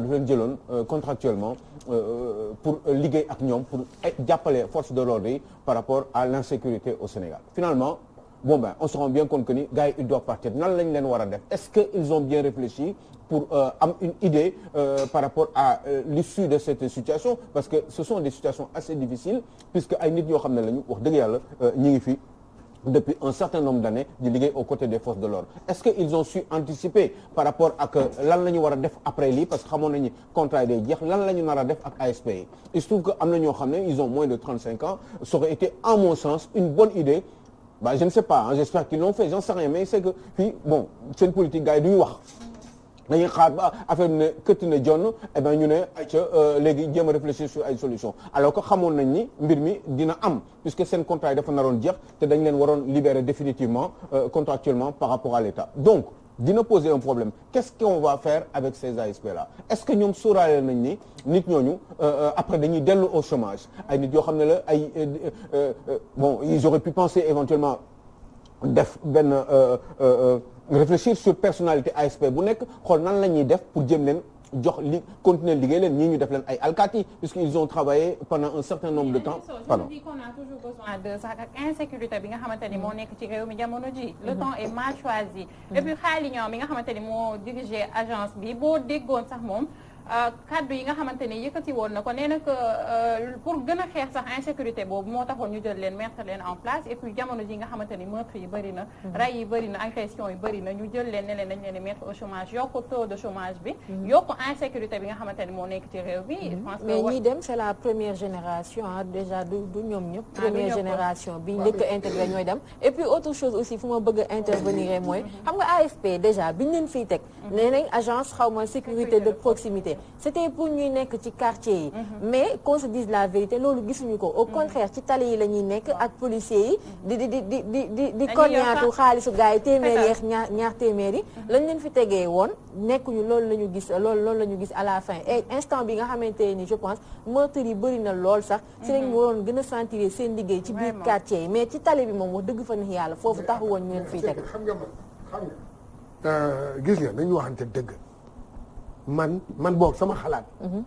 bi leen jëloon euh, contractuellement euh, euh, pour liggéey ak ñoom pour jàppale force de l'ordre yi par rapport à l'insécurité au Sénégal finalement bon ben on se rend bien compte que ni gars yi ils doivent partir nan lañ leen war a def est-ce que ils ont bien réfléchi pour am une idée par rapport à l'issue de cette situation parce que ce sont des situations assez difficiles puisque ay nit ñoo xam ne lañu wax dëgg yàlla ñi ngi fi depuis un certain nombre d'années di liggéey aux côtés des forces de l'ordre est-ce que ont su anticiper par rapport ak euh, lan la ñu a def après lii parce que xamoon nañu contrat day jeex lan la ñu nar a def il se trouve que am na ñoo xam ne ils ont moins de 35 ans ça aurait été en mon sens une bonne je ne sais pas j'espère qu'ils l'ont fait j'en sais rien mais c'est que fii bon seen politique gars yi du ñu wax dañuy xaar ba affaire ne këtt ne jonn eh ben ñu ne ca euh, léegi jéem a réfléchir sur ay solution alors que xamoon nañ ni mbir mi dina am puisque seen contrat yi dafa naroon jeex te dañ leen waroon libérer définitivement euh, contractuellement par rapport à l'État donc dina poser un problème qu'est-ce qu'on va faire avec ces ASP là est-ce que ñoom sóoraale nañ ni nit ñooñu euh, après dañuy dellu au chômage ay nit yoo xam ne la ay bon ils auraient pu penser éventuellement def benn réfléchir sur personnalité ASP bu nekk xool nan la ñuy def pour jëm leen jox li continuer liggéey leen ñii ñu def leen ay alkaati puisqu'ils ont travaillé pendant un certain nombre de temps pardon qu'on a toujours besoin de ça ak insécurité bi nga xamante ni moo nekk ci réew mi jamono ji le mhm. temps est mal choisi mhm. et puis xaali ñoom mi nga xamante ni moo dirigé agence bi boo déggoon sax moom Euh, kaddu yi nga xamante ni yëkkati woon na ko nee na que euh, pour gën a xeex sax insécurité boobu moo taxoon ñu jël leen mettre leen en place et puis jamono ji nga xamante ni meurtre yi bëri na mm-hmm. rey yi bëri na agression yi bëri na ñu jël leen ne leen dañ leen di mettre au chômage yokk taux de chômage bi mm-hmm. yokk insécurité bi nga xamante ni moo nekk ci réew bi je pense que mais ñi dem c'est la première génération ah déjà du du ñoom ñëpp ah, première génération bi njëkk a intégré ñooy dem et puis autre chose aussi fu ma bëgg a intervenir mooy mm-hmm. xam nga AFP déjà biñ leen fiy teg nee nañ agence xaw ma sécurité de proximité santé c'était pour ñuy nekk ci quartier yi mhm. mais qu'on se dise la vérité loolu gisuñu ko au mhm. contraire ci tali yi la ñuy nekk ak policiers yi mhm. di di di di di di di koñaatu xaalisu gars yi téeméer yeex ñaar ñaar lañ leen fi tegee woon nekkuñu loolu la ñu gis loolu loolu la ñu gis à la fin et instant bi nga xamante ni je pense meurtre yi bëri na lool sax si lañ waroon gën a sentir seen liggéey ci biir quartier yi mais ci tali bi moom wax dëgg fa ni yàlla foofu taxu woon ñu leen fiy teg xam nga man xam nga euh, dëgg man man boog sama xalaat. Mhm.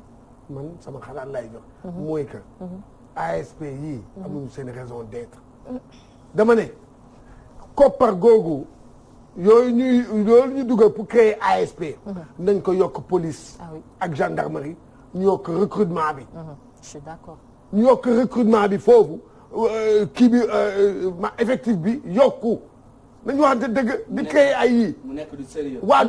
man sama xalaat lay jox. Mhm. mooy que. Mhm. ASP yi amuñu seen raison d'être. Mm. dama ne koppar googu yooyu ñuy yooyu ñu dugal pour ASP. nañ ko yokk police. Ah ak gendarmerie ñu yokk recrutement bi. yokk recrutement bi foofu euh, kii bi euh, ma effectif bi yokku. nañu waxante dëgg di créer ay yii. mu nekk du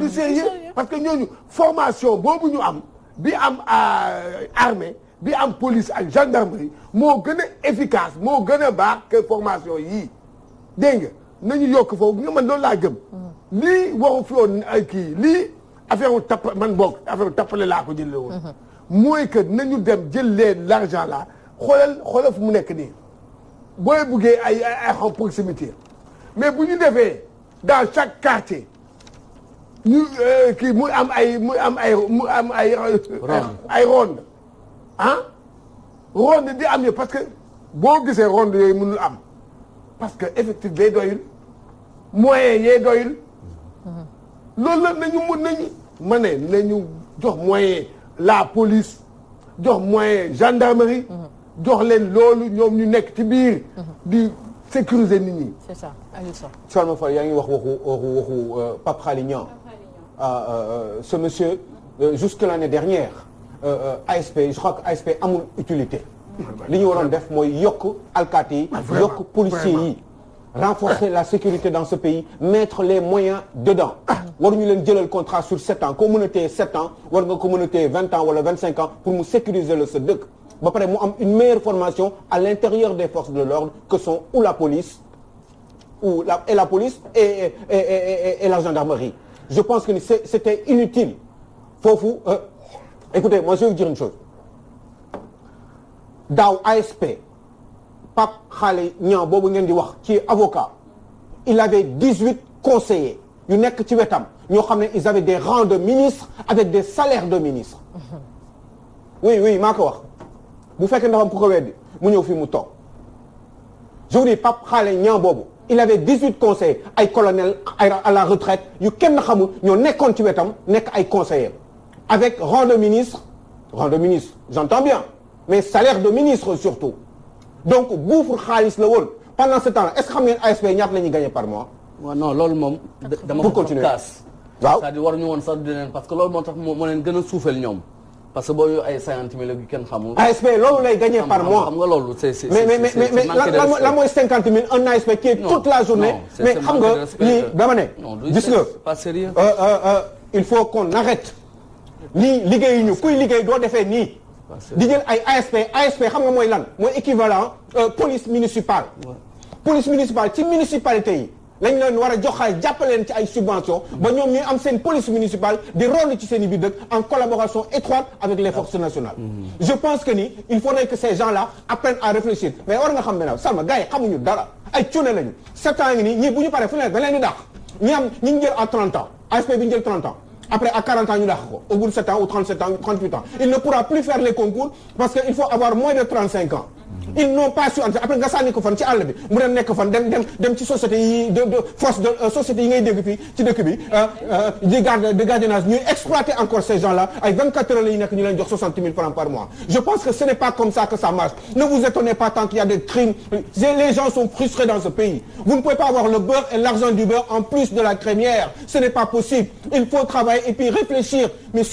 sérieux. parce que ñooñu formation boobu ñu am bi am euh, armée bi am police ak gendarmerie moo gën a efficace moo gën a baax que formation yi dégg nga nañu yokk foofu nga man loolu laa gëm. Mm. lii waru fi woon ay kii lii affaire wu tapp man boog affaire wu tappale laa ko jëlee woon. Mm-hmm. mooy que nañu dem jël leen l' argent là xoolal fu mu nekk nii booy buggee ay ay ay mais bu ñu defee dans chaque quartier ñu euh, kii mu am ay muy am ay mu am ay. Euh, ay ronde ah ronde di am yo parce que boo gisee ronde yooyu mënul am parce que effectif day moyen yee doyul. loolu la nañu mun nañu ma ne ñu jox moyen la police jox moyen gendarmerie. Mhm. jox leen loolu ñoom ñu nekk ci biir di. sécuriser nit ñi. c'est ça Aliou Sow. Salma Fall yaa ngi wax waxu waxu waxu euh, Pape Khaly Niang. Ah, euh, euh, ce monsieur jusque l'année dernière ASP je crois que ASP amul utilité. li ñu waroon def mooy yokk alkaati yi. Ah, yokk policiers yi. renforcer la sécurité dans ce pays mettre les moyens dedans waruñu leen jëlal contrat sur sept ans koo mën a téye sept ans war nga ko mën a téye vingt wala vingt cinq ans pour mu sécuriser le sa dëkk ba pare mu am une meilleure formation à l'intérieur des forces de l'ordre que sont ou la police ou la et la police et et et, et, la gendarmerie je pense que ni c'était inutile foofu euh, écoutez moi je dire une chose daaw ASP Pape Xaale Niang boobu ngeen di wax ci avocat il avait dix-huit conseillers yu nekk ci wetam ñoo xam ne ils des rangs de ministres avec des salaires de ministres mhm. oui oui maa ko bu fekkee dafa am ku ko mu ñëw fii mu toog je vous dis Pape Alé Niang boobu il avait 18 conseillers ay colonel ay à la retraite yu kenn xamul ñoo nekkoon ci tam nekk ay conseillers avec rang de ministre rang de ministre j'entends bien mais salaire de ministre surtout donc buufu xaalis la woon pendant ce temps-là est-ce que xam ngeen ASP ñaata la ñuy par mois. moom. dama ko kaas. waaw c'est-à-dire waruñu woon leen gën a suufeel ñoom. parce que boo yor ay cinquante mille yu kenn xamul. ASP loolu lay gagné par mois xam nga loolu c'est c'est mais mais la mooy un ASP qui est toute la journée. mais xam nga lii dama euh, euh, euh, il faut qu'on arrête. lii liggéeyu ñu kuy liggéey doo defee nii. di jël ay ASP ASP xam nga mooy lan mooy équivalent police municipale. police municipale ci municipalité yi. lañ leen war a joxaay jàppaleen ci ay subventions ba ñoom ñuy am seen police municipale di rôle ci seen i biir dëkk en collaboration étroite avec les forces nationales mm-hmm. je pense que ni il faudrait que ces gens là apprennent à réfléchir mais war nga xam benaaw sama gars yi xamuñu dara ay cune lañu sept ans ngi nii ñii bu ñu paree fu ne dañ leen di am ñi ngi à 30 ans ASP bi ñu jël ans après à 40 ans ou 37 ans il ne pourra plus faire les ils n'ont pas su entrer après nga sànni ko fan ci àll bi mu dem nekk fan dem dem dem ci société yi de de force euh, euh, euh, exploiter encore ces gens là ay 24 heures la ñu nekk ñu leen jox par mois je pense que ce n'est pas comme ça que ça marche ne vous étonnez pas tant qu'il y a des crimes les gens sont frustrés dans ce pays vous ne pouvez pas avoir le beurre et l'argent du beurre en plus de la crémière ce n'est pas possible il faut travailler et réfléchir mais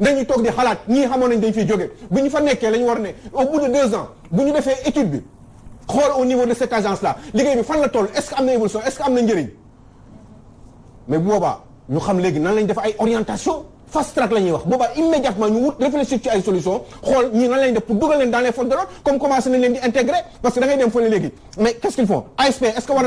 dañuy toog di xalaat ñii xamoon nañ dañ fiy jóge bu ñu fa nekkee la ñu war ne au bout de deux ans bu ñu defee étude bi xool au niveau de cette agence là liggéey bi fan la toll ce que am na évolution est-ce que am na njëriñ mais bu boobaa ñu xam léegi nan lañ def ay orientation fast wax boobaa immédiatement ñu wut réfléchir ay solution xool ñi nan lañ def pour dugal leen dans les forces de l'ordre comme commencé nañ leen di intégrer parce que da dem fële léegi mais qu'est-ce qu'ils font ASP est-ce que war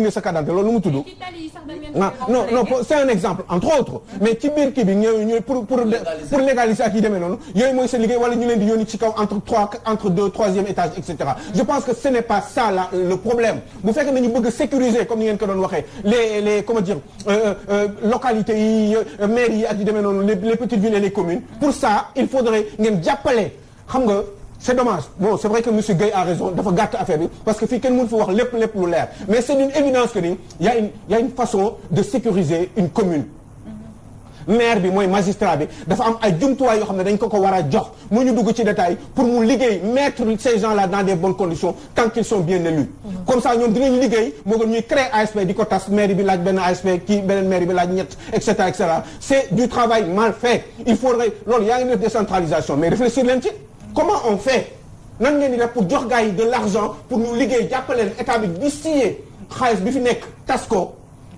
na sa carte loolu lu mu tudd. ah non c'est un exemple entre autres. mais ci biir kii bi pour légaliser ak yi demee noonu mooy seen liggéey wala ñu leen di yónni ci kaw entre deux troisième étage et je pense problème bu fekkee nañu bëgg sécuriser comme ni ngeen ko doon waxee les les comment dire euh, euh, euh, localités yi maires yi ak yu demee noonu les petites villes et les communes pour ça il faudrait ngeen jàppale xam nga c'est dommage bon c'est vrai que monsieur Guèye a raison dafa gàtt affaire bi parce que fii kenn mënu fi wax lépp lépp lu leer mais c'est une évidence que ni y une façon de sécuriser une commune maire bi mooy magistrat bi dafa am ay jumtuwaay yoo xam ne dañ ko ko war a jox mu ñu dugg ci détail pour mu liggéey mettre ces gens là dans des bonnes conditions tant qu'ils sont bien élus comme ça ñoom dinañ liggéey moo gën ñuy créer ASP di ko tas maire bi laaj benn ASP kii beneen maire bi laaj ñett et cetera et cetera c'est du travail mal fait il faudrait loolu yaa ngi def décentralisation mais réfléchir leen ci comment on fait nan ngeen di def pour jox gars yi de l'argent pour ñu liggéey jàppaleen état bi di siyee xaalis bi fi nekk tas ko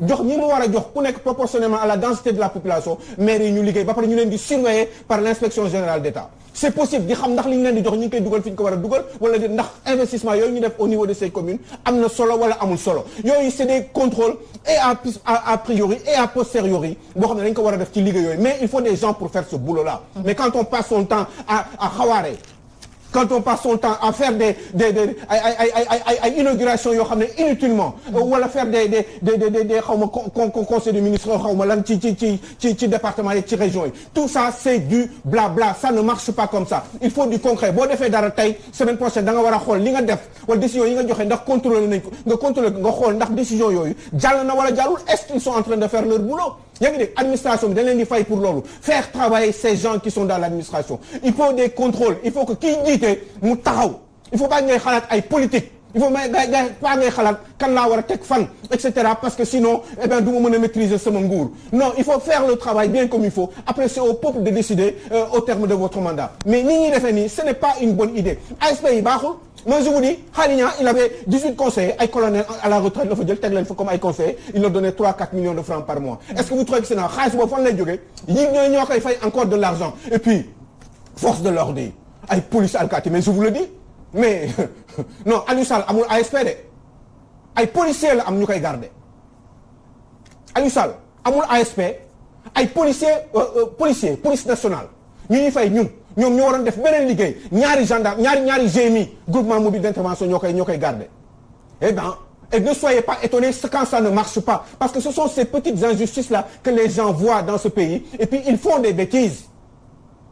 jox ñi mu war a jox ku nekk proportionnellement à la densité de la population maire yi ñu liggéey ba pare ñu leen di surveiller par l' inspection générale d' état c' est possible di xam ndax li ñu leen jox ñu ngi koy dugal fi ñu ko war a dugal wala ndax investissement yooyu ñu def au niveau de ces communes am na solo wala amul solo yooyu c' est des contrôles et à a priori et a posteriori boo xam ne dañ ko war def ci liggéey yooyu mais il faut des gens pour faire quand on passe son temps à faire des des des ay yoo xam ne inutilement. Euh, wala faire des des des des des xaw ma con con conseil des ministres xaw ma lan ci ci ci ci ci département yi ci région yi. tout ça c'est du blabla ça ne marche pas comme ça il faut du concret boo defee dara tey semaine prochaine da nga war a xool li nga def wala décision yi nga joxe ndax contrôler nañ ko nga contrôler nga xool ndax décision yooyu jàll na wala jàllul est-ce qu'ils sont en train de faire leur boulot. yaa ngi dégg administration bi dañ leen di fay pour loolu faire travailler ces gens qui sont dans l'administration il faut des contrôles il faut que kiy mu taxaw il faut pas ngay xalaat ay politique il faut may ga ga pas xalaat kan laa war teg fan et cetera parce que sinon eh bien du ma mën sama nguur non il faut faire le travail bien comme il faut après c'est au peuple de décider euh, au terme de votre mandat mais ni ñuy defee nii ce n'est pas une bonne idée moi je vous dis Khali Niang il avait 18 conseillers ay colonel à la retraite la fa jël teg leen comme ay conseillers il leur donnait 3 4 millions de francs par mois est-ce que vous trouvez que c'est normal xaalis boobu fan lay jógee yi ñooy ñoo koy fay encore de l'argent et puis force de l'ordre ay police alkaati mais je vous mais non Aliou Sall amul ASP de ay policiers la am ñu koy garder amul ASP ay policiers euh, euh, policiers police nationale ñu ñuy fay ñun ñoom ñoo waroon def beneen liggéey ñaari gendarme ñaari ñaari GMI groupement mobile d'intervention ñoo koy ñoo koy garder eh bien et ne soyez pas étonnés quand ça ne marche pas parce que ce sont ces petites injustices là que les gens voient dans ce pays et puis ils font des bêtises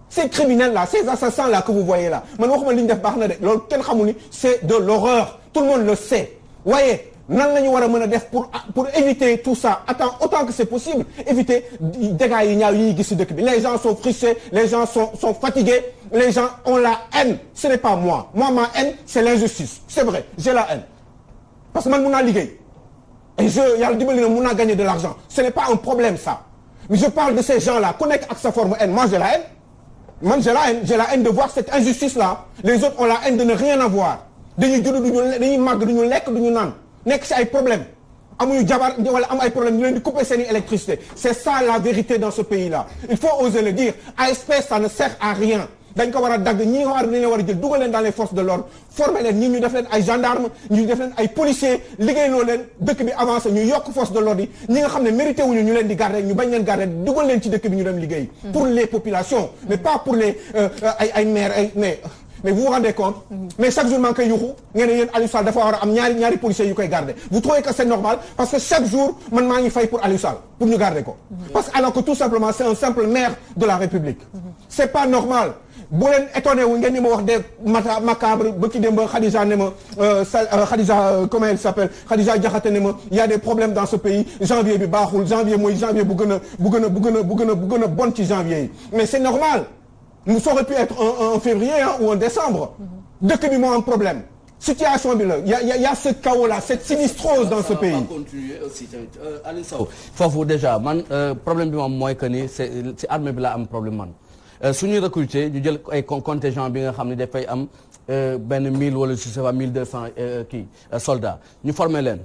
ces criminels là ces assassins là que vous voyez là man waxuma li ñu def baax na de loolu kenn xamul ni c'est de l'horreur tout le monde le sait waaye nan la ñu war a mën a def pour pour éviter tout ça autant autant que c'est possible éviter dégâts yi ñaaw yi ñuy gis ci dëkk bi les gens sont frustrés les gens sont sont fatigués les gens ont la haine ce n'est pas moi ma haine c'est l'injustice c'est vrai j'ai la haine parce que man mun naa liggéey et je yàlla dimbali mun naa gagner de l'argent ce n'est pas un problème ça mais je parle de ces gens-là ku nekk ak sa forme haine moi j'ai de voir les autres ont la haine de ne rien avoir dañuy judd duñu dañuy màgg duñu lekk duñu naan nekk ci ay problème amuñu jabar wala am ay problème ñu leen di couper seen électricité c'est ça la vérité dans ce pays là il faut oser le dire ASP ça ne sert à rien dañ ko war a dagg ñi nga xam ne war a jël dugal leen dans les forces de l'ordre former leen ñi def leen ay gendarme ñu def leen ay policiers liggéeyloo leen dëkk bi avancé ñu yokk force de l'ordre yi ñi nga xam ne mérité wuñu ñu leen di garder ñu bañ leen garder dugal leen ci dëkk bi ñu dem liggéey hmm. pour les populations mais pas pour les euh, euh, ay ay maires mais vous vous rendez compte mais chaque jour maa ngi koy yuxu ngeen ne yéen am ñaari ñaari policiers yu koy vous trouvez que c'est normal parce que chaque jour man maa ngi fay pour Aliou Sall pour ñu garder ko parce que alors que tout simplement c'est un simple maire de la République c'est pas normal bu leen étonné wu ngeen wax des mata macabre ba ki dem ba Khadija euh, euh, euh, comment elle s'appelle Khadija Diakhaté ne ma a des problèmes dans ce pays janvier bi baaxul janvier mooy janvier bu gën a bu a bu a bu a bu gën a ça aurait pu être en février ou en décembre. dëkk bi moo am problème. situation bi la y' a y' a ce chaos dans ce pays. continuer euh, foofu déjà man euh, problème bi moom mooy que ni c' si armée bi laa am problème man euh, su ñuy recruter ñu jël ay contingent bi nga xam ne dafay am benn 1000 wala je sais pas 1200 kii soldats ñu former leen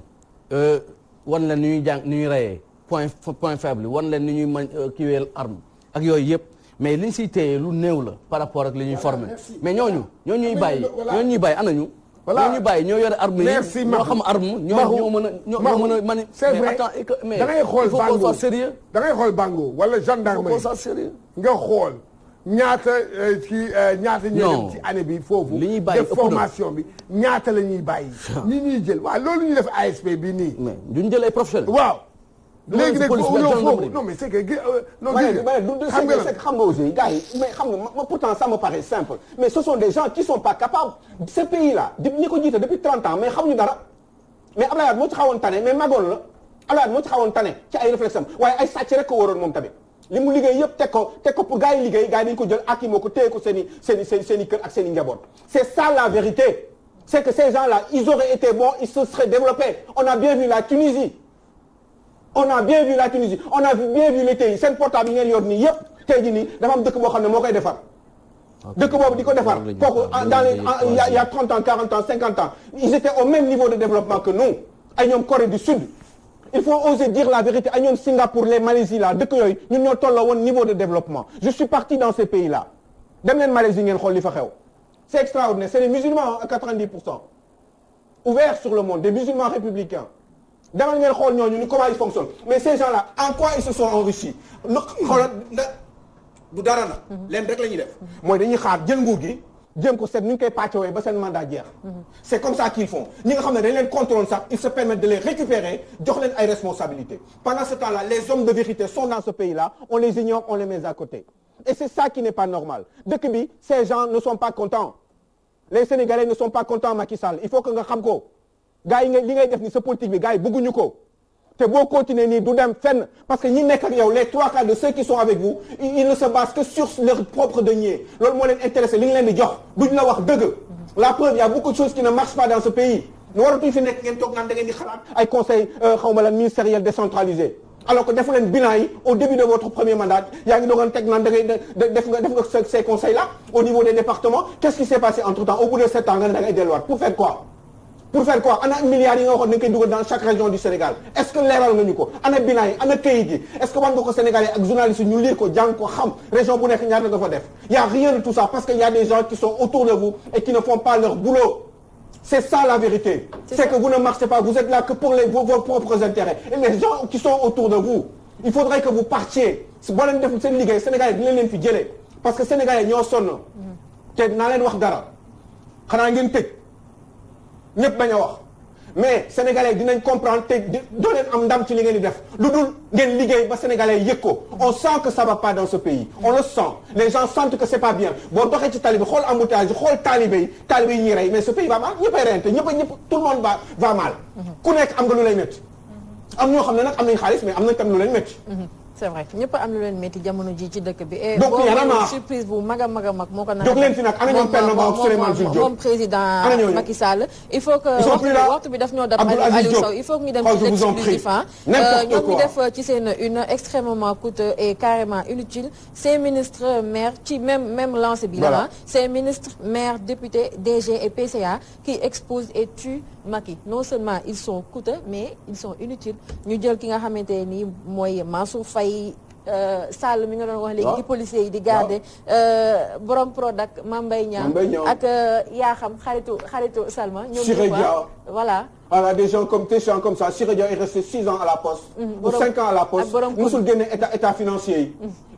wan leen ni ñuy jàng ni ñuy point point faible wan leen ni ñuy mën kiiweel arme ak yooyu yëpp. mais li ñu siy téye lu néew la par rapport ak li ñuy formé mais ñooñu ñoo ñuy bàyyi ñoo ñuy bàyyi ana ñu voilà ñoo ñu bàyyi ñoo yore arme yi ñoo xam arme ñoo mën a ñoo mën a mani c'est vrai mais da ngay xool bango il faut qu'on soit sérieux da ngay xool bango wala gendarmerie il faut qu'on soit sérieux nga xool ñaata euh, ci euh, ñaata ñoo ci année bi foofu li ñuy bàyyi def formation bi ñaata la ñuy bàyyi ñi ñuy jël waaw loolu ñu def ASP bi nii duñ jël ay professionnels waaw léegi nag yow foofu non mais c'est que euh, non xam nga xam nga aussi gars yi mais xam nga ma pourtant ça me paraît simple mais ce sont des gens qui sont pas capables ce pays là ñi ko jiite depuis 30 ans mais xamuñu dara mais Abdoulaye Wade moo ci xawoon tane mais magoon la Abdoulaye Wade moo ci xawoon tane ci ay réflexion waaye ay sàcc rek ko waroon moom tamit li mu liggéey yëpp teg ko teg ko pour gars yi liggéey gars yi dañu ko jël ak yi moo ko téye ko seen i seen i seen i kër ak seen i njaboot c'est ça la vérité c'est que ces gens là ils auraient été bons ils se seraient développés on a bien vu la Tunisie on a bien vu la Tunisie on a bien vu les pays seen portable yi ngeen yor tey jii nii dafa am dëkk boo xam ne moo koy defar. dëkk di ko defar kooku dans les il y a 30 ans 40 ans 50 ans ils étaient au même niveau de développement que nous ay Corée du Sud. il faut oser dire la vérité ay Singapour les Malaisie là dëkk yooyu ñun ñoo tolloo niveau de développement je suis parti dans ces pays là dem Malaisie ngeen xool li fa c'est extraordinaire c'est le monde des musulmans demal ngeen xool ñooñu ni comment ils fonctionnent mais ces gens là en quoi ils se sont enrichis lu xoolal da du dara na leen rek la ñuy def mooy dañuy xaar jël nguur gi jéem ko seet ni ñu koy pàccoowee ba seen mandat jeex c' est comme ça qu'ils font ñi nga xam ne dañ leen contrôle sax ils se permettent de les récupérer jox leen ay responsabilités pendant ce temps là les hommes de vérité sont dans ce pays là on les ignore on les met à côté et c' est ça qui n' est pas normal dëkk bi ces gens ne sont pas contents les sénégalais ne sont pas contents Macky Sall il faut que nga xam ko gars yi nga li ngay def ni sa politique bi yi bëgguñu te boo continuer nii du dem fenn parce que ñi nekk ak yow les trois quarts de ceux qui sont avec vous ils ne se basent que sur leur propre denier loolu moo intéressé li nga leen di jox duñ la wax dëgg la preuve y a beaucoup de choses qui ne marchent pas dans ce pays ñu waratuñ fi nekk ngeen euh, alors que defu leen bilan yi au début de votre premier mandat yaa ngi doogoon teg naan da ngay ces conseils là au niveau de sept ans pour faire quoi ana milliards yi nga waxoon nañ chaque région du Sénégal est ce que leeral nga ñu ko ana bilan yi ana këyit yi est ce que wan nga ko Sénégalais ak journalistes ñu lire ko jàng ko région bu nekk ñaata dafa def y' rien de tout ça parce que y' a des gens qui sont autour de vous et qui ne font pas leur boulot. C'est ça la vérité. C'est, que vous ne marchez pas, vous êtes là que vous, il faudrait que vous def seen liggéey Sénégalais dina fi jëlee parce que Sénégalais ñoo sonn. Mm. te naa leen wax dara xanaa ngeen ñëpp bañ wax mais sénégalais dinañ comprendre te doo leen am ndam ci li ngeen def lu dul ngeen liggéey ba sénégalais yëg ko on sent que ça va pas dans ce pays on le sent les gens sentent que c'est pas bien boo doxee ci tali bi xool embouteillage yi xool taalibé yi taalibé rey mais ce pays va mal ñëppay reyante ñëpp ñëpp tout le monde va mal mm-hmm. ku nekk am nga lu lay métti am ñoo xam ne nag am nañ xaalis mais am na tam lu leen métti mm-hmm. c'est vrai ñëpp am lu leen métti jamono ji ci dëkk bi. donc boo surprise bu mag a mag a mag moo ko nar a. jóg leen fi nag ana ñoom Penda Mbow Souleymane Jules Diop moom président Macky Sall. il faut que waxtu bi daf ñoo dab Aliou Sow il faut que ñu dem oh, ci l'exclusif euh, ñoom ñu def ci seen une extrêmement coûteux et carrément inutile ces ministres maires ci même même lancé bi la ces ministres maires députés DG et PCA qui exposent et tuent Macky non seulement ils sont coûteux mais ils sont inutiles ñu jël ki nga xamante nii mooy Mansour Faye Euh, Sall mi nga doon wax léegi. Ah. di policiers yi di garder. Ah. Euh, borom Prodac Mambay Niang. ak euh, yaa xam xaritu xaritu Salma. ñoom ñu ah, voilà. voilà des gens comme des gens comme ça resté six ans à la poste. Mm-hmm. ou cinq ans à la poste. musul génne état état financier yi.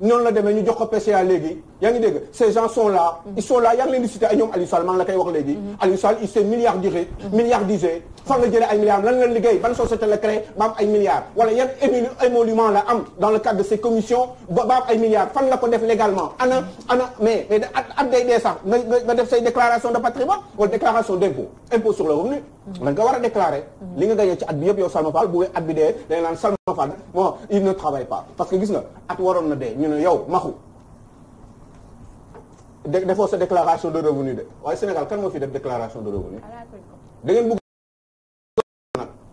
Mm-hmm. la demee ñu jox ko PCA léegi. ngi dégg ces gens sont là. Mm-hmm. ils sont là yaa ngi leen di cité ay ñoom Aliou Sall man la koy wax léegi. Aliou Sall il s'est milliardisé. milliardisé. fan la jëlee ay milliards lan la liggéey ban société la créé ba am ay milliards wala yan émolument la am dans le cadre de ces commissions ba am ay milliards fan la ko def légalement ana ana mais mais at day dee sax nga nga def say déclaration de patrimoine wala déclaration d'impôt impôt sur le revenu da mm-hmm. war a déclarer mm-hmm. li nga gagné ci at bi yëpp yow Salma Fall bu wee at bi dee dañ naan Salma Fall bon il ne travaille pas parce que gis na at waroon na dee ñu ne yow maxu defoo sa déclaration de revenu de waaye Sénégal kan moo fi def de revenu da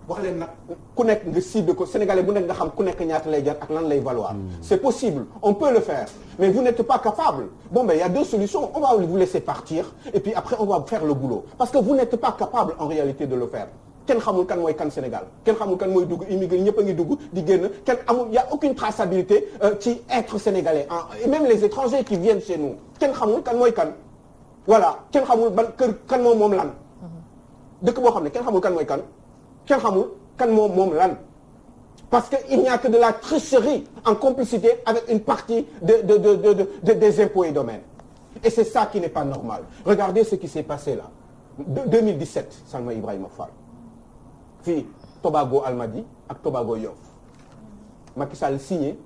wax leen nag ku nekk nga cible ko sénégalais bu nekk nga xam ku nekk ñaata lay jar ak lan lay valoir hmm. c'est a deux solutions on va vous laisser partir et que vous n'êtes pas capable en réalité de le faire mooy kan Sénégal kenn xamul di génn kenn amul y a aucune traçabilité euh, ci être sénégalais et même les étrangers qui viennent chez nous kenn xamul ban kër kan moom moom lan hmm. dëkk boo xam ne kenn xamul kan mooy kan kenn xamul kan moom moom lan parce que il n'y a que de la tricherie en complicité avec une partie de de de de, de, de des impôts et domaines et c'est ça qui n'est pas normal regardez ce qui s'est passé là 2017 Salma Ibrahima Fall fii Tobago Almadi ak Tobago Yoff Macky Sall signé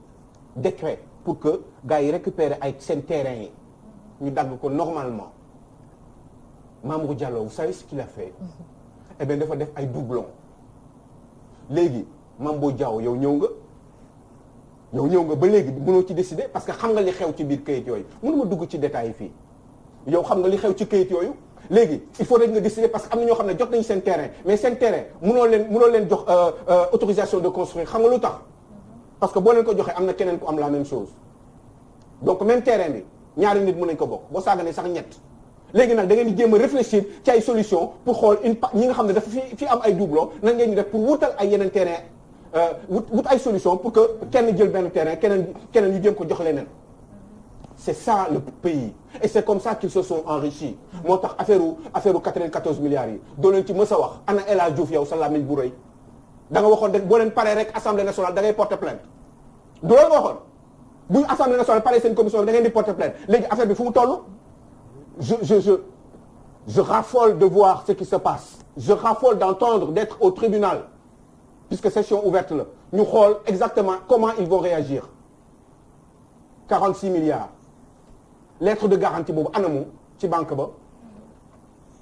décret pour que gars yi récupérer ay seen terrain ñu dagg ko normalement Mamour Diallo vous savez ce qu'il a fait mm-hmm. eh bien dafa def ay doublons léegi mam boo jaww yow ñëw nga yow ñëw nga ba léegi mënoo ci décider parce que xam nga li xew ci biir kayit yooyu mënuma dugg ci détails yi fii yow xam nga li xew ci kayit yooyu léegi il faut rek nga décider parce que am na ñoo xam ne jot nañu seen terrain mais seen terrain mënoo leen mënoo leen jox euh, euh, autorisation de construire xam nga lu tax parce que boo leen ko joxee am na keneen ku am la même chose donc même terrain bi ñaari nit mën nañ ko bokk boo saaganee sax ñett léegi nag da ngeen di jéem a réfléchir ci ay solution pour xool une ñi nga xam ne dafa fi fi am ay doublon nan ngeen ñu def pour wutal ay yeneen terrain euh, wut wut ay solution pour que kenn jël benn terrain keneen keneen ñu jéem ko jox leneen c'est ça le pays et c'est comme ça qu'ils sont enrichis moo tax affaire u affaire u 94 milliards yi doo leen ci mës a wax ana El Hadj Diouf yow sa làmmiñ bu rëy da nga waxoon rek boo leen paree rek assemblée nationale da ngay porter plainte doo leen waxoon bu assemblée nationale paree seen commission da ngeen toll je je je je raffole de voir ce qui se passe je raffole d'entendre d'être au tribunal puisque session ouverte la ñu xool exactement comment ils vont réagir 46 milliards lettre de garantie boobu anamu ci banque ba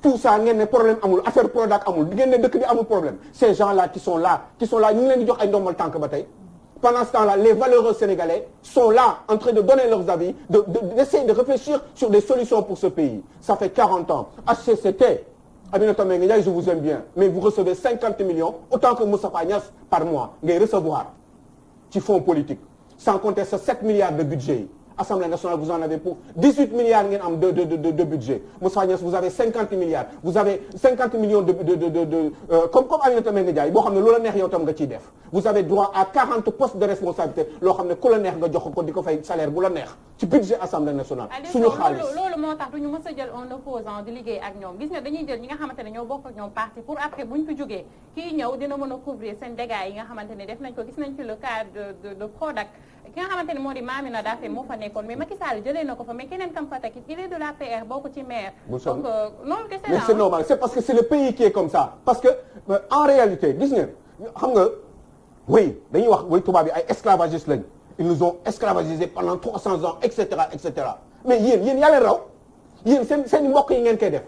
tout ça ngeen ne problème amul affaire Prodac amul ngeen ñu ngi leen di jox ay ndombal tànk ba tey pendant ce temps-là les valeureux sénégalais sont là en train de donner leurs avis de d'essayer de, réfléchir sur des solutions pour ce pays ça fait ans HCCT Aminata Mbengue je vous aime bien mais vous recevez 50 millions autant que Moustapha Niasse par mois ngay recevoir ci fonds politique sans compter ces 7 milliards de budget Assemblée nationale vous en avez pour 18 milliards ngeen am de de de de budget Moustapha Niasse vous avez 50 milliards vous avez 50 millions de de de euh, comme comme avez nga jox ko di ko fay salaire bu la neex ci budget Assemblée nationale. suñu loolu moo tax du ñu mës a jël un opposant di liggéey ak ñoom gis nga dañuy jël ñi nga xamante ne ñoo bokk ak ñoom parti pour après bu ñu fi jógee kii ñëw dina mën couvrir seen dégâts yi nga xamante ne de de de Prodac ki nga xamante ne moo di Mamina Daffé moo fa nekkoon mais Macky Sall jëlee na ko fa mais keneen kam fa takit il est de l'APR bokk ci maire. donc euh, c'est ah. normal c'est parce que c'est le pays qui est comme ça parce que euh, en réalité gis ngeen xam nga oui dañuy wax oui tubaab yi ay esclavagistes lañ ils nous ont esclavagisés pendant 300 ans et cetera et cetera mais yéen yéen yaa leen raw yéen seen seen mbokk yi ngeen koy def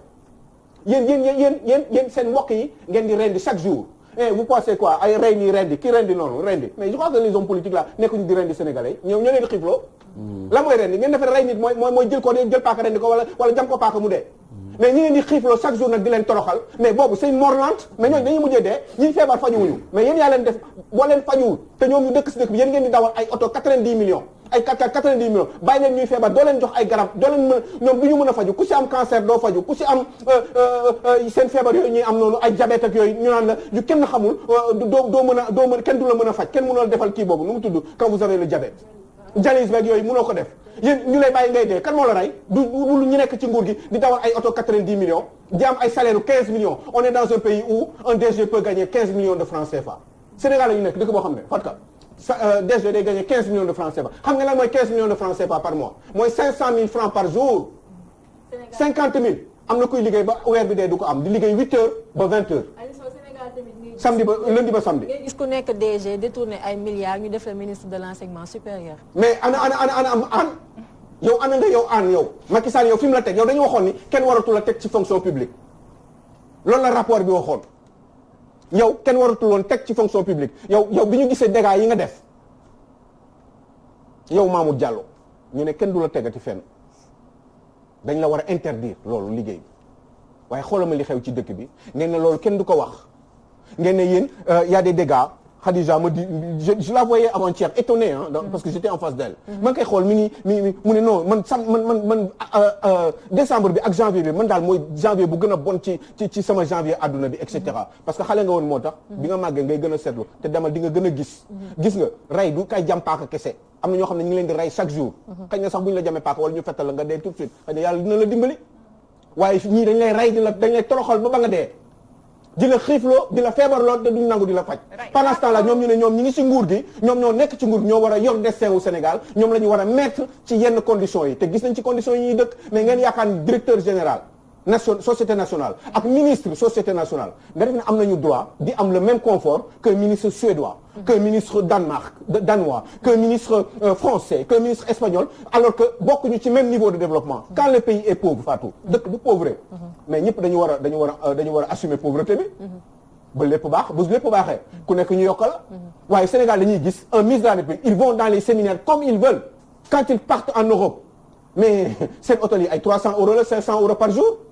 yen yéen yéen yéen yéen seen mbokk yi ngeen di rendi chaque jour. mais eh, vous pensez quoi ay rey nii rendi ki rendi noonu rendi mais je crois que les hommes politiques là nekkuñu di rendi sénégalais ñoom ñoo leen xiifloo hmm. la mooy rendi ngeen defee rey nit mooy jël ko jël paaka rendi ko wala jam ko paaka mu dee hmm. mais ñi dañuy mujjee dee ñi feebar fajuwuñu mais yéen yaa leen def boo leen te ñoom ñu dëkk si dëkk bi yéen ngeen di dawal ay oto 90 millions ay quatre-vingt-dix millions bàyyi leen ñuy feebar doo leen jox ay garab doo leen mën ñoom du ñu mën a faju ku si am cancer doo faju ku si am euh, euh, euh, seen feebar yooyu ñu naan la kenn xamul doo doo mën a doo mën a faj kenn mënul defal kii boobu nu mu tudd quand vous ko def yéen ñu lay bàyyi lu ñu nekk ci nguur gi di dawal ay un pays où un DG peut gagner 15 millions de francs CFA Sénégal boo xam ne fatka Euh, DG day gagné 15 millions de francs CFA xam nga lan mooy 15 millions de francs CFA par mois mooy 500 000 francs par jour. am na kuy liggéey ba weer bi dee du ko am di liggéey 8 heures ba 20 heures. samedi ba lundi ba samedi. ngay gis ku nekk DG détourné ay milliards ñu def la ministre de l'enseignement supérieur. mais ana ana ana ana am an yow ana nga yow an yow Macky la teg yow dañu waxoon ni kenn waratul la teg ci fonction publique loolu la bi waxoon. yow kenn waratul woon teg ci fonction publique yow yow bi ñu gisee dégâts yi nga def yow Mamour Diallo ñu ne kenn du la tegati fen dañ la war a interdire loolu liggéey bi waaye xoolal ma li xew ci dëkk bi ngeen ne loolu kenn du ko wax ngeen ne yéen euh, y a des Khadija ma di je, je la voyais avant-hier étonnée hein, dans, mm. parce que j'étais en face d'elle mm. man koy xool mi ni mi mu ne non man sam man man man euh, euh, bi ak janvier bi man daal mooy janvier bu gën a bon ci sama janvier àdduna bi et cetera mm. parce que xale nga woon moo tax bi nga màggee ngay gën a seetlu te demal di gën a gis gis nga rey du kay jam paaka kese am na ñoo xam ne ñu leen di rey chaque jour mm-hmm. xëy na sax bu ñu la jamee paaka wala ñu fettal la nga dee tout suite xëy na yàlla dina lay rey di la dañ lay toroxal dee di la xiifloo di la feebarloo de duñ nangu di la faj pendant la temps là ñoom ñu ne ñoom ñi ngi si nguur gi ñoom ñoo nekk ci nguur gi ñoo war a yor destin wu Sénégal ñoom la ñu war a mettre ci yenn conditions yi te gis nañ ci conditions yi ñuy dëkk mais ngeen yaakaar directeur général nation société nationale ak ministre société nationale nga def ne am droit di am le même confort que ministre suédois que ministre Danemark danois que ministre euh, français que ministre espagnol alors que bokkuñu ci même niveau de développement quand le pays est pauvre Fatou dëkk du pauvre mais ñëpp dañu war a dañu war a euh, dañu war a assumer pauvreté bi ba lépp baax Sénégal dañuy gis un ils vont dans les séminaires comme ils veulent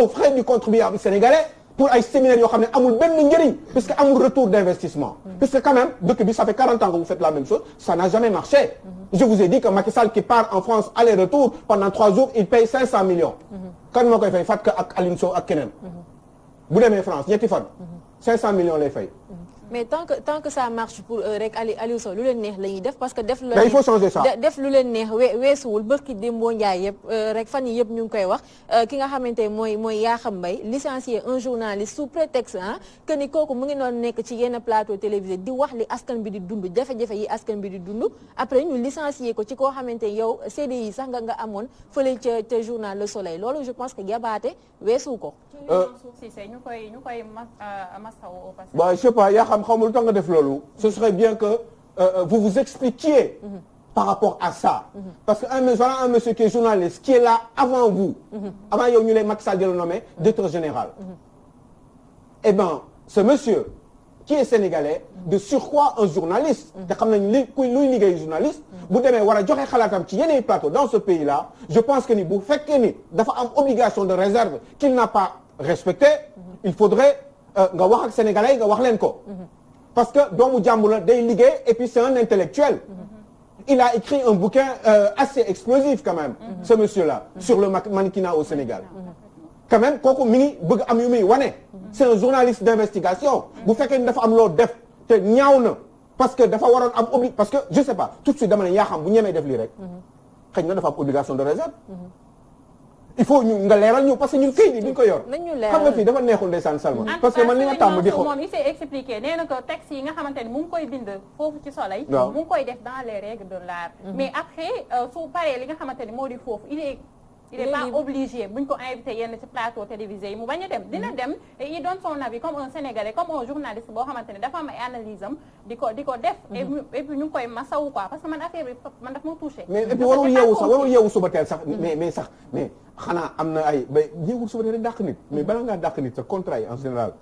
aux frais du contribuable sénégalais pour ay séminaires yoo xam ne amul benn njëriñ puisque amul retour d'investissement mmh. puisque quand même dëkk bi ça fait 40 ans que vous faites la même chose ça n'a jamais marché mmh. je vous ai dit que Macky qui part en France aller-retour pendant trois jours il paye millions mmh. kan moo koy fay Fatka ak Aline Sow France ñetti fan 500 millions lay fay mais tant que tant que sa marche pour euh, rek Aliou Aliou Sow lu leen neex la ñuy def parce que def lu il faut def lu leen neex we weesuwul bërki démboo njaay yëpp euh, rek fan yi yëpp ñu ngi koy wax euh, ki nga xamante mooy mooy Yakham Mbaye licencier un journaliste sous prétexte ah que ni kooku mu ngi noonu nekk ci yenn plateau télévisé di wax li askan bi di dund jafe-jafe yi askan bi di dund après ñu licencier ko ci koo xamante yow CDI sax nga nga amoon fële ca ca journal Le Soleil loolu je pense que yabaate weesu ko bah je sais pas yaa xam xamul tax nga def loolu ce serait bien que euh, euh vous vous expliquiez mm -hmm. par rapport à ça mm -hmm. parce que un monsieur voilà un monsieur qui est journaliste qui est là avant vous mm -hmm. avant yow ñu lay Macky Sall di la nommer mm-hmm. directeur général mm-hmm. eh ben ce monsieur qui est sénégalais mm-hmm. de surcroît un journaliste te xam nañ li kuy luy liggéey journaliste bu demee war a joxe xalaatam ci yeneen plateau dans ce pays là je pense que ni bu fekkee ni dafa am obligation de réserve qu'il n'a pas respecté il faudrait euh, nga wax ak sénégalais yi nga wax leen ko parce que doomu jàmbur la day liggéey et puis c'est un intellectuel il a écrit un bouquin euh, assez explosif quand même ce monsieur-là sur le mannequinat au Sénégal quand même kooku mi ngi bëgg am yu muy wane c'est un journaliste d'investigation bu fekkee ni dafa am loo def te ñaaw na parce que dafa waroon am obli parce que je sais pas tout de suite dama ne yaa xam bu ñemee def lii rek xëy na obligation de réserve il faut ñu nga leeral ñu parce que ñun kayit yi duñ ko yor. xam nga fii dafa neexul ndeysaan Salma. parce que man li nga tàmm di xaw moom il s'est expliqué nee na ko texte yi nga xamante ni mu ngi koy bind foofu ci soleil. mu ngi koy def dans les règles de l'art mhm. mais après euh, su paree li nga xamante ni moo di foofu il est il est pas obligé ko invité yenn ci plateau télévisé yi mu bañ a dem dina mm-hmm. dem il donne son avis comme un sénégalais comme un journaliste boo xamante dafa am ay di ko di ko def et mm-hmm. ñu ngi koy masawu quoi parce que man affaire bi man daf ma touché mais et puis warul yeewu sax warul mm-hmm. mais mais mais xanaa am na ay ba yeewul suba teel dàq nit mais balaa ngaa dàq nit sa contrat en général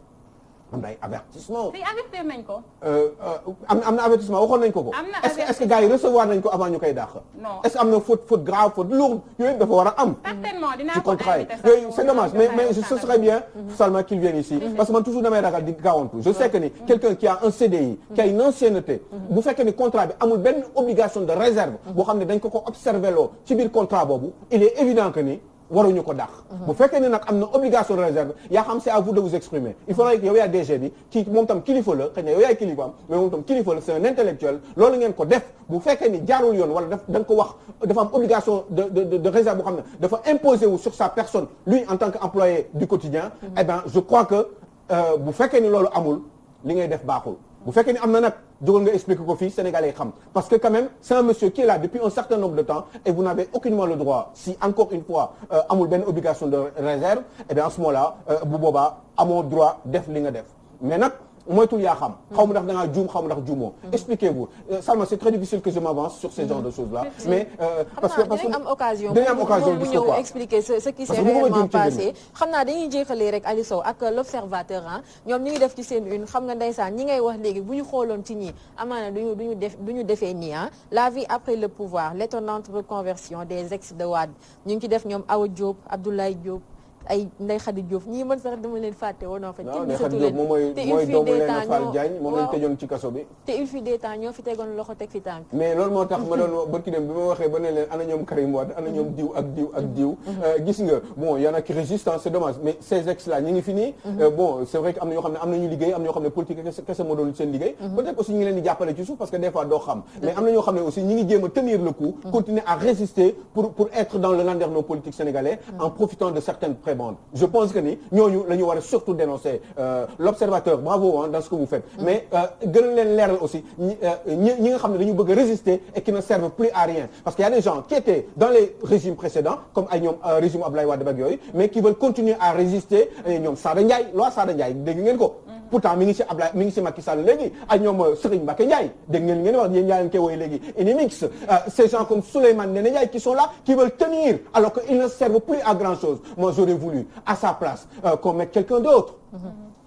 am na ay avertissement. fii avertir nañ ko. Euh, euh, am na am na avertissement waxoon nañ ko ko. am na avertissement est-ce que gars yi recevoir nañ ko avant ñu koy dàq. non est-ce que am na faute faute grave faute lourde yooyu dafa war a am. certainement dinaa ko invité sax yooyu c'est dommage mais mais ce serait bien. Mm-hmm. seulement qu'il vienne ici. Mm-hmm. parce que man toujours damay ragal di gaawantu. je sais que ni mm-hmm. quelqu'un qui a un CDI. qui a une ancienneté. bu fekkee ni contrat bi amul benn obligation de réserve. boo xam ne dañ ko ko observé loo ci biir contrat boobu il est évident que ni. waruñu ko dàq mhm. bu fekkee ne nag am na obligation de réserve yaa xam c'est à vous de vous exprimer il faudrait que yow yaa DG bi ci moom tam kilifa la xëy na yow yaay kilifaam mais moom tam kilifa la c'est un intellectuel loolu ngeen ko def bu fekkee ni jaarul yoon wala daf da ko wax dafa am obligation de de de réserve boo xam ne dafa imposer wu sur sa personne lui en tant que employé du quotidien mhm. eh ben je crois que euh, bu fekkee ni loolu amul li ngay def baaxul bu fekkee ni am na nag jógal nga expliquer ko fii sénégalais yi xam parce que quand même c'est un monsieur qui est là depuis un certain nombre de temps et vous n'avez aucunement le droit si encore une fois euh, amul benn obligation de réserve et eh bien en euh, bu boobaa amoo droit def li nga def mais nag moytul yaa xam xaw ma ndax da ngaa juum xaw ma ndax juumoo mm-hmm. expliquez vous euh, Salma c'est très difficile que je m'avance sur ce genre de choses là mais euh, parce que parce am occasion dañuy am occasion bu ñëw expliquer ce qui s'est réellement passé xam naa dañuy jeexalee rek Aliou Sow ak l'observateur ñoom ñi ngi def ci seen une xam nga ndeysaan ñi ngay wax léegi bu ñu xooloon ci ñii amaana duñu ñu def duñu defee nii ah la vie après le pouvoir l'étonnante reconversion des ex de Wade ñu ngi ci def ñoom Awa Diop Abdoulaye Diop ay Ndeye Khady Diouf ñii man sax dama leen fàtte woon en fait. waaw Ndeye Khady Diouf moom mooy mooy doomu Léna Fall Diagne moom lañ tëjoon ci kaso bi. te il fut des temps ñoo fi tegoon loxo teg fi tànk. mais loolu moo tax ma doon bët ki dem bi ma waxee ba ne leen ana ñoom Karim Wade ana ñoom diw ak diw ak diw. Mhm. Euh, gis nga bon y en a qui résistent c'est dommage mais ces ex là ñi ngi fi nii. Mhm. Euh, bon c'est vrai que am na ñoo xam ne am nañu liggéey am na ñoo xam ne politique kese moo doon seen liggéey. Mhm. peut-être aussi ñu ngi leen di jàppale ci suuf parce que des fois doo xam. mais am na ñoo xam ne aussi ñi ngi jéem a tenir le coup. continuer à résister pour pour être dans le landerneau politique sénégalais en profitant de certaines répondre je pense que ni ñooñu la ñu war a surtout dénoncer euh, l'observateur bravo hein dans ce que vous faites mm-hmm. mais euh, gën leen leeral aussi euh, ñi ñi nga xam ne dañu bëgg a résister et qui ne servent plus à rien parce qu'il y a des gens qui étaient dans les régimes précédents comme ay ñoom régime Abdoulaye Wade ak yooyu mais qui veulent continuer à résister ñoom Sada Ndiaye loi Sada Ndiaye dégg ngeen ko pourtant mi ngi si Ablaye mi ngi si Macky Sall léegi ak ñoom euh, Serigne Mbacké Ndiaye dégg ngeen ngeen wax yéen ñaa leen koy woy léegi inimix euh, ces gens comme Souleymane Ndéné Ndiaye qui sont là qui veulent tenir alors que ils ne servent plus à grand chose moi j'aurais voulu à sa place euh, qu'on mette quelqu'un d'autre mm-hmm.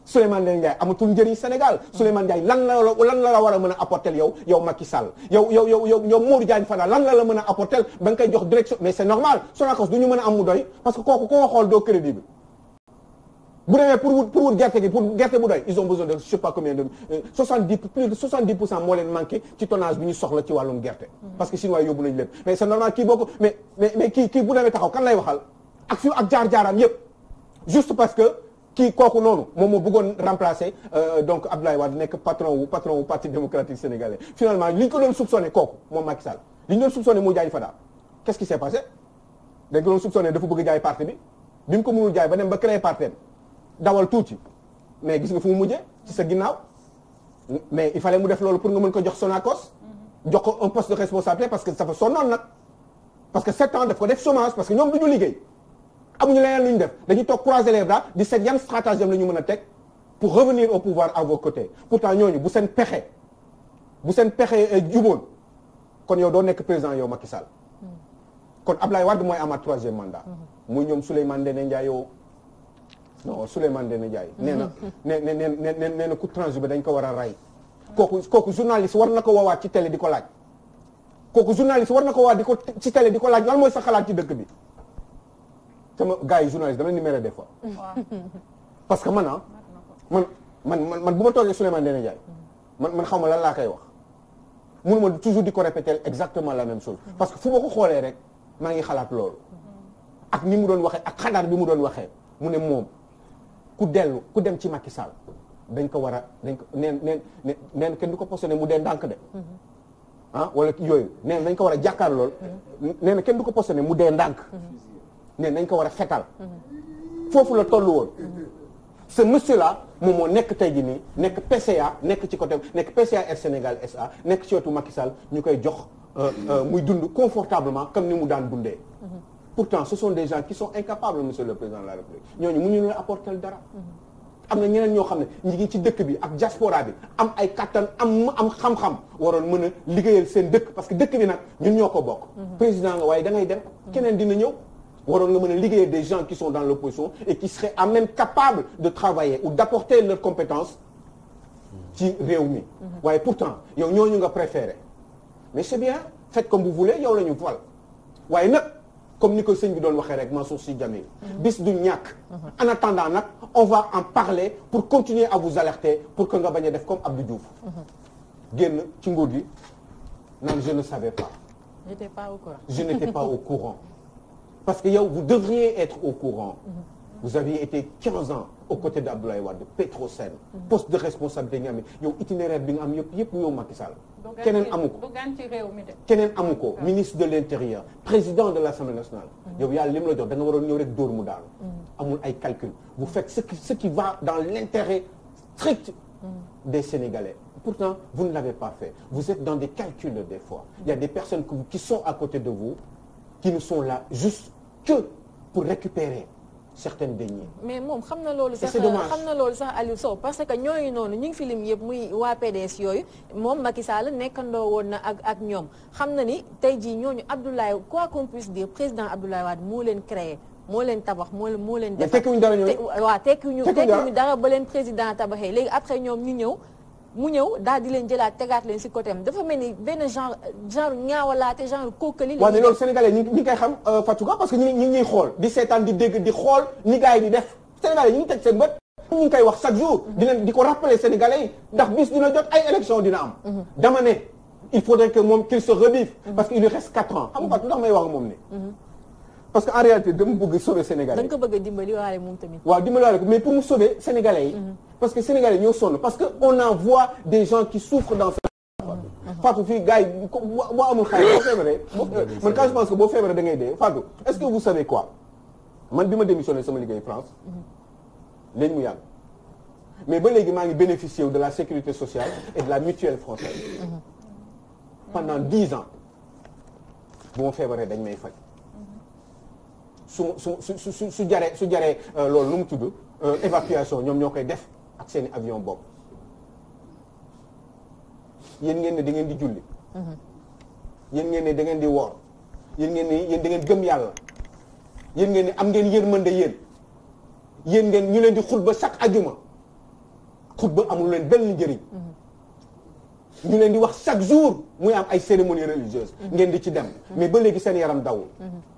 Souleymane Ndéné Ndiaye amatul njëriñ Sénégal mm-hmm. Souleymane Ndiaye lan la lan la la war a mën a apporter yow yow Macky Sall yow yow yow yow yow Modou Diagne Fada lan la la mën a apporter ba nga koy jox direction mais c'est normal Sonacos du ñu mën a am mu doy parce que kooku koo xool doo crédible bu demee pour wut pour wut gerte gi pour gerte bu doy ils ont besoin de je pas combien de euh, soixante dix pour cent moo leen manqué ci tonnage bi ñu soxla ci wàllum gerte. parce que chinois yóbbu nañu lépp mais c'est normal kii boo ko mais kii bu demee taxaw kan lay waxal ak fi ak jaar-jaaraam yëpp juste parce que. kii kooku noonu moom moo bëggoon remplacer euh, donc Abdoulaye Wade nekk patron wu patron wu parti démocratique sénégalais finalement li ñu ko doon soupçonné jaay Fada qu'est-ce qui ba dem ba dawal tuuti mais gis nga fu mu mujjee ci sa ginnaaw mais il fallait mu def loolu pour nga mën ko jox Sonacos. Mhm. jox ko un poste de responsabilité parce que dafa sonnoon nag parce que sept ans daf ko def chômage parce que ñoom du ñu liggéey amuñu leneen lu ñu def dañuy toog croiser les bras di seet yan stratagème la ñu mën a teg pour revenir au pouvoir à vos côtés pourtant ñooñu bu seen pexe bu seen pexe euh, juboon kon yow doo nekk président yow ma Sall mhm. kon Ablaye Wade mooy amaat troisième mandat mhm. muy ñoom Souleymane Ndéné Ndiaye non Souleymane Ndéné Ndiaye mm-hmm. nee na nee na nee nee na ku transhumé dañ ko war a rey kooku kooku journaliste war na ko woowaat ci télé di ko laaj kooku journaliste war na ko woowaat di ko ci télé di ko laaj lan mooy sa xalaat ci dëkk bi sama gars yi journaliste dama leen di mere des fois mm-hmm. parce que man ah man man man bu ma toogee Souleymane Ndéné Ndiaye mm-hmm. man man xaw ma lan laa koy wax mënuma toujours di ko répéter exactement la même chose parce que fu ma ko xoolee rek maa ngi xalaat loolu ak ni mu doon waxee ak xadaar bi mu doon waxee mu ne moom ku dellu ku dem ci Macky Sall dañ ko war a dañ ko neen neen neen kenn du ko posté ne mu dee ndànk de mm-hmm. ah wala yooyu neen dañ ko war a jàkkaar mm-hmm. nee na kenn du ko posté mu dee ndànk mm-hmm. neen dañ ko war a fetal foofu la toll woon ce monsieur là moom moo nekk tey jii nii nekk PCA nekk ci ko côté nekk PCA Air Sénégal SA nekk ci wetu Macky Sall ñu koy jox euh, euh, muy dund confortablement comme ni mu daan dundee pourtant ce sont des gens qui sont incapables monsieur le président de la république ñooñu mënuñu leen apporter dara. am na ñeneen ñoo xam ne ñi ngi ci dëkk bi ak diaspora bi am ay kattan am am xam-xam waroon mën a liggéeyal seen dëkk parce que dëkk bi nag ñun ñoo ko bokk. Mhm. président nga waaye da ngay dem. Mhm. keneen dina ñëw. waroon nga mën a liggéeyal des gens qui sont dans l'opposition et qui seraient à même capables de travailler ou d'apporter leurs compétences ci réew mi. Mhm. waaye pourtant yow ñooñu nga préféré mais c'est bien faites comme vous voulez yow ñu fal comme ni ko sëñ bi doon waxee rek Mansour Sy Djamil bis du ñàkk en attendant nag on va en parler pour continuer à vous alerter pour que a def comme Abdou Diouf génn ci nguur gi naan je ne savais pas je n'étais pas au courant parce que yow vous devriez être au courant mhm. vous aviez été 15 ans aux côtés d' Abdoulaye Wade Petrosen. poste de responsabilité nga am itinéraire bi nga am yëpp yëpp ministre de l' président de l' nationale. Mm-hmm. yow yàlla li mu la jox da nga waroon ñëw rek dóor mu mm-hmm. calcul bu fekk ce qui ce qui va dans l' strict mm-hmm. des Sénégalais. pourtant vous ne l'avez pas fait vous êtes dans des calculs des personnes qui sont à côté de vous qui ne sont là juste que pour récupérer certaines baignées. mais moom xam na loolu sax xam na loolu sax Aliou parce que ñooñu noonu ñu ngi fi lim yëpp muy waa PDS yooyu moom Macky Sall nekkandoo woon na ak ak ñoom xam na ni tey jii ñooñu Abdoulaye quoi qu'on puisse dire président Abdoulaye Wade moo leen créé moo leen tabax moo leen moo leen. def tekkiwuñu dara ñoom waaw tekkiwuñu dara ba leen président tabaxee léegi après ñoom ñu ñëw. mu ñëw daal di leen jëlaat tegaat leen si côté am dafa mel ni benn genre genre ñaawalaate genre kókkali. ñi ngi xam euh, Fatou parce que ñu ngi ñuy xool di seetaan di dégg di xool ni gars di def sénégalais ñu teg seen bët. ñu ngi koy wax chaque jour. di leen di ko rappeler sénégalais yi ndax bis dina jot ay élection dina am. Mhm. dama ne il faudrait que moom qu'il se revive. Mhm. parce que il reste quatre ans. ndax may wax moom ne. Mhm. parce que en réalité dama bëgg sauver sénégalais. da nga ko parce que Sénégalais ñoo sonn parce que on en voit des gens qui souffrent dans ça. Mhm. Fatou fii gars yi boo amul xaalis boo feebaree. Euh, man quand je pense que ngay dee Fatou est-ce que vous savez quoi man bi ma démissionné sama liggéey France mhm. léegi mu yàgg mais ba léegi maa ngi bénéficié wu de la sécurité sociale et de la mutuelle française mhm. pendant dix ans bu ma feebaree dañ may faj. su su su su su jaree su jaree euh, loolu nu mu tudd euh, évacuation ñoom ñoo koy def. ak seeni avion bopp yéen ngeen ne da ngeen di julli mhm. yéen ngeen ne da ngeen di woor yéen ngeen ne da ngeen gëm yàlla yéen ngeen ne am ngeen mën yërmande yéen yéen ngeen ñu leen di xutba chaque ajuma xutba amul leen benn njëriñ mhm. ñu leen di wax chaque jour muy am ay cérémonie religieuse ngeen di ci dem mais ba léegi seen yaram dawul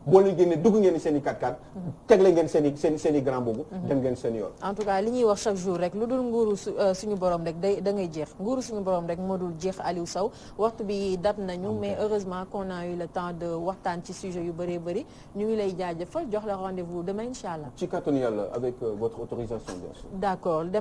boo leen génne dugg ngeen seen i kat-kat tegle ngeen seen i seen grand boobu dem ngeen seen yoon en tout cas li ñuy wax chaque jour rek lu dul nguuru euh, suñu borom rek day jeex nguuru suñu borom rek moo dul jeex Aliou Sow waxtu bi dab nañu mais heureusement qu'on a eu temps de waxtaan ci sujet yu bëree bëri ñu ngi lay jaajëfal jox la rendez-vous demain incha allah ci kattanu yàlla avec euh, votre autorisation bien sûr d'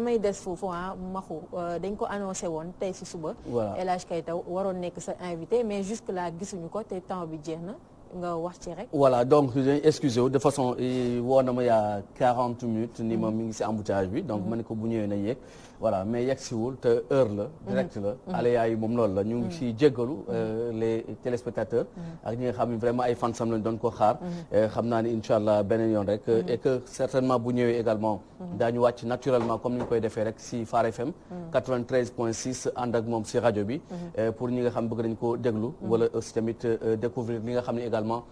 euh, ko annoncé woon tey si suba El Hadj Keita waroon nekk sa invité mais jusque là gisuñu ko te temps bi jeex na nga wax ci rek. voilà donc excusez wu de façon woo na ma y' a 40 minutes. ni ma mi ngi si embouteillage bi donc ma ne ko bu ñëwee na yéeg. voilà mais yegg siwul te heure la direct la mhm. aléa yi moom loolu la ñu ngi mhm. si jéggalu euh, les téléspectateurs mhm. ak ñi nga xam ne vraiment ay fansam lañ doon ko xaar euh, xam naa ne incha allah beneen yoon rek et que certainement bu ñëwee également daañu wàcc naturellement comme ni ñu koy defee rek si Far FM 93 point 6 ànd ak moom si rajo bi euh, pour ñi nga xam bëgg nañ ko déglu wala aussi tamit découvrir li nga xam ne également